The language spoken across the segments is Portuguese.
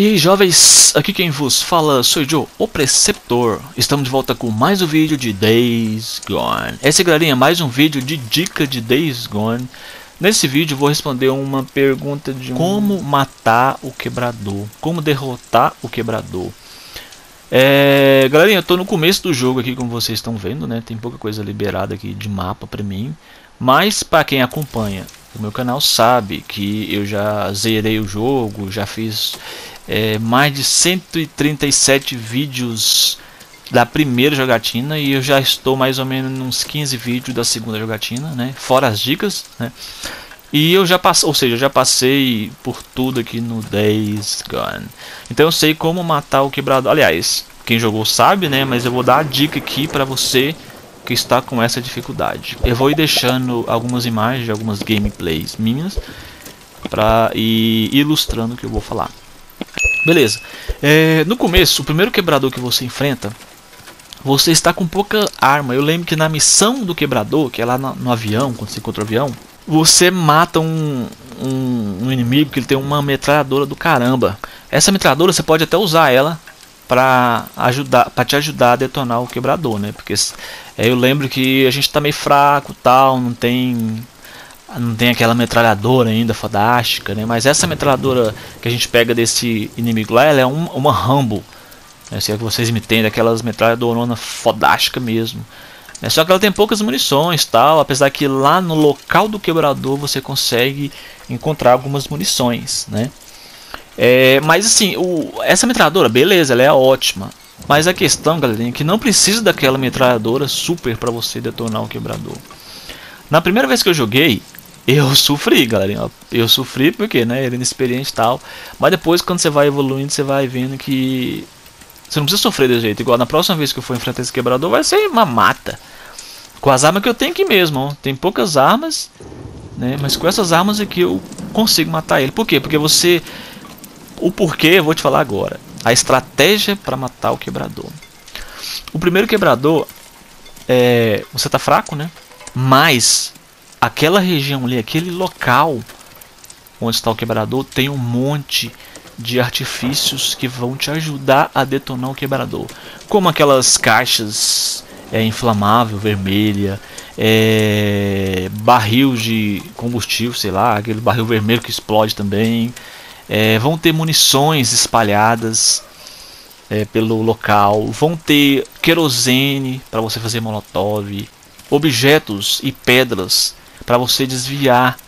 E aí jovens, aqui quem vos fala sou Joe, o Preceptor. Estamos de volta com mais um vídeo de Days Gone. Essa galerinha, é mais um vídeo de dica de Days Gone. Nesse vídeo vou responder uma pergunta de como matar o quebrador, como derrotar o quebrador. É, galerinha, eu tô no começo do jogo aqui, como vocês estão vendo, né? Tem pouca coisa liberada aqui de mapa pra mim. Mas para quem acompanha o meu canal sabe que eu já zerei o jogo, já fiz é, mais de 137 vídeos da primeira jogatina e eu já estou mais ou menos uns 15 vídeos da segunda jogatina, né? Fora as dicas, né? E eu já passei, ou seja, eu já passei por tudo aqui no Days Gone. Então eu sei como matar o quebrado. Aliás, quem jogou sabe, né? Mas eu vou dar a dica aqui para você que está com essa dificuldade. Eu vou ir deixando algumas imagens, algumas gameplays minhas para ir ilustrando o que eu vou falar. Beleza. É, no começo, o primeiro quebrador que você enfrenta, você está com pouca arma. Eu lembro que na missão do quebrador, que é lá no, no avião, quando você encontra o avião, você mata um, um, um, inimigo que ele tem uma metralhadora do caramba. Essa metralhadora você pode até usar ela para ajudar, para te ajudar a detonar o quebrador, né? Porque é, eu lembro que a gente tá meio fraco, tal, não tem ah, não tem aquela metralhadora ainda fodástica, né? Mas essa metralhadora que a gente pega desse inimigo lá, ela é um, uma Rambo. Né? Se é que vocês me entendem, aquelas metralhadoronas fodástica mesmo. É, só que ela tem poucas munições tal, apesar que lá no local do quebrador você consegue encontrar algumas munições, né? É, mas assim, o, essa metralhadora, beleza, ela é ótima. Mas a questão, galerinha, é que não precisa daquela metralhadora super para você detonar o quebrador. Na primeira vez que eu joguei, eu sofri, galerinha. Eu sofri porque, né, era é inexperiente e tal. Mas depois, quando você vai evoluindo, você vai vendo que você não precisa sofrer desse jeito. Igual na próxima vez que eu for enfrentar esse quebrador, vai ser uma mata. Com as armas que eu tenho aqui mesmo, ó. tem poucas armas, né? Mas com essas armas aqui é eu consigo matar ele. Por quê? Porque você... O porquê eu vou te falar agora. A estratégia para matar o quebrador. O primeiro quebrador, é... você tá fraco, né? Mas aquela região ali, aquele local onde está o quebrador, tem um monte de artifícios que vão te ajudar a detonar o quebrador. Como aquelas caixas é, inflamável, vermelha, é, barril de combustível, sei lá, aquele barril vermelho que explode também. É, vão ter munições espalhadas é, pelo local, vão ter querosene para você fazer molotov, objetos e pedras para você desviar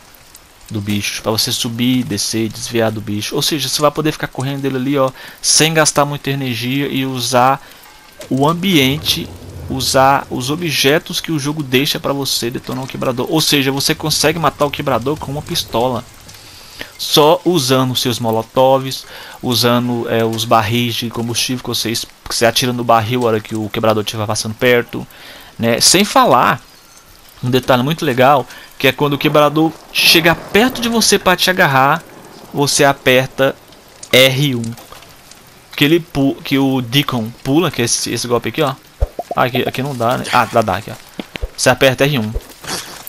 do bicho, para você subir, descer, desviar do bicho. Ou seja, você vai poder ficar correndo dele ali, ó, sem gastar muita energia e usar o ambiente, usar os objetos que o jogo deixa para você detonar o quebrador. Ou seja, você consegue matar o quebrador com uma pistola. Só usando seus molotovs, usando é, os barris de combustível que você, que você atira no barril a hora que o quebrador estiver passando perto. Né? Sem falar um detalhe muito legal, que é quando o quebrador chega perto de você para te agarrar, você aperta R1. Que, ele que o Deacon pula, que é esse, esse golpe aqui, ó. Ah, aqui, aqui não dá, né? Ah, dá, dá aqui, ó. Você aperta R1.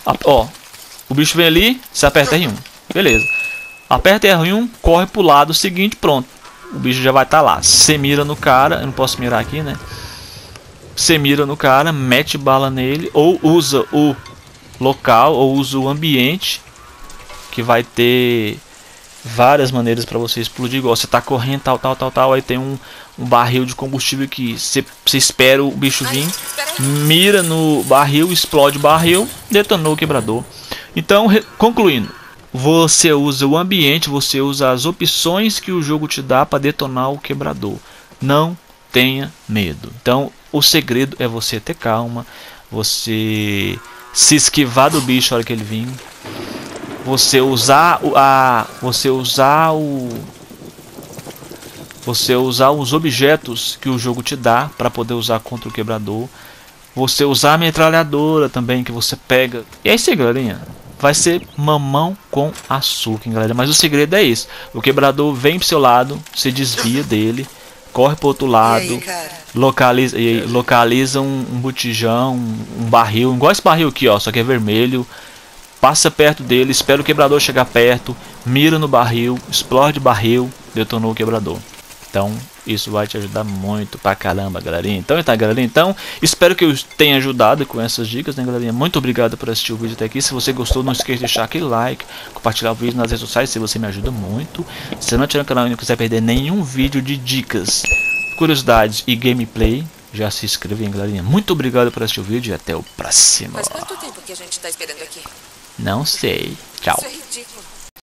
A ah, ó, o bicho vem ali, você aperta R1. Beleza. Aperta R1, corre pro lado seguinte, pronto. O bicho já vai estar tá lá. Você mira no cara, eu não posso mirar aqui, né? você mira no cara, mete bala nele, ou usa o local, ou usa o ambiente, que vai ter várias maneiras para você explodir. Igual você tá correndo, tal, tal, tal, tal, aí tem um, um barril de combustível que você espera o bicho vir, mira no barril, explode o barril, detonou o quebrador. Então, concluindo, você usa o ambiente, você usa as opções que o jogo te dá para detonar o quebrador. Não tenha medo. Então, o segredo é você ter calma, você se esquivar do bicho na hora que ele vir, você usar a você usar o você usar os objetos que o jogo te dá para poder usar contra o quebrador, você usar a metralhadora também que você pega. E é isso aí, galerinha. Vai ser mamão com açúcar, hein, galera. Mas o segredo é isso. O quebrador vem pro seu lado, você desvia dele corre pro outro lado, e aí, localiza, e localiza um, um botijão, um, um, barril, igual esse barril aqui, ó, só que é vermelho. Passa perto dele, espera o quebrador chegar perto, mira no barril, explode barril, detonou o quebrador. Então, isso vai te ajudar muito pra caramba, galerinha. Então, tá, galerinha. Então, espero que eu tenha ajudado com essas dicas, né, galerinha. Muito obrigado por assistir o vídeo até aqui. Se você gostou, não esqueça de deixar aquele like, compartilhar o vídeo nas redes sociais, se você me ajuda muito. Se não tiver no canal e não quiser perder nenhum vídeo de dicas, curiosidades e gameplay, já se inscreve, hein, galerinha. Muito obrigado por assistir o vídeo e até o próximo. quanto tempo que a gente tá esperando aqui? Não sei. Tchau. É